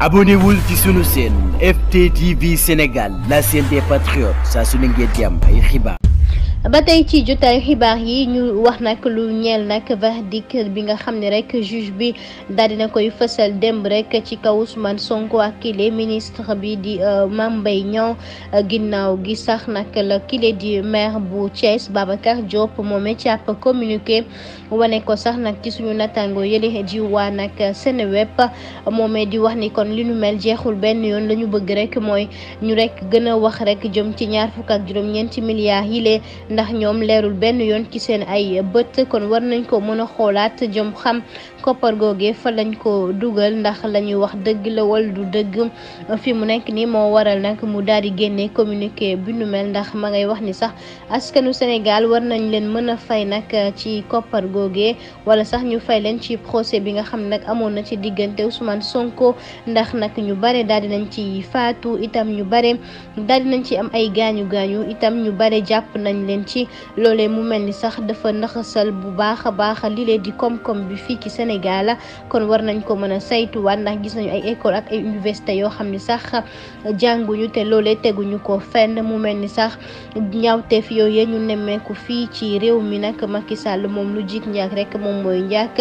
abonnez-vous sur notre chaîne FTTV Sénégal la chaîne des patriotes Ça, c'est diamba il y ay ba tey ci jotaay xibaar yi ñu wax nag lu ñeel nag verdict bi nga xam ne rek juge bi daal dina koy fësal démb rek ci kaw Ousmane Sonko ak kile ministre bi di euh, Mame Mbaye Niang ginnaaw gi sax nag la kile di maire bu Thiès Babacar Diop moome ci ab communiqué wane ko sax nag ci suñu nattaango yële ji waa nag Seneweb moome di wax ni kon li nu mel jeexul benn yoon la ñu bëgg rek mooy ñu rekk gën a wax rek jëm ci ñaar fukk ak juróom-ñeenti milliards yile ndax ñoom leerul benn yoon ci seen ay bët kon war nañ ko mën a xoolaat jom xam koppar googe fa lañ ko dugal ndax lañuy wax dëgg la wala du dëgg fi mu nekk nii moo waral nag mu daal di génne communiqué bi nu mel ndax ma wax ni sax askanu Sénégal war nañ leen mën a fay nag ci koppar googe wala sax ñu fay leen ci procès bi nga xam nag amoon na ci diggante Ousmane Sonko ndax nag ñu bare daal di nañ ci faatu itam ñu bare daal nañ ci am ay gaañu gaañu itam ñu bare jàpp nañ leen. ci loole mu mel ni sax dafa naxasal bu baax a baax li lee di koom-koom bi fii ci Sénégal kon war nañ ko mën a saytuwaat ndax gis nañu ay école ak université yoo xam ni sax jànguñu te loole teguñu ko fenn mu mel ni sax ñaawteef yooyu ñu nemmeeku fii ci réew mi nag Macky Sall moom lu jig njaag rek moom mooy njaag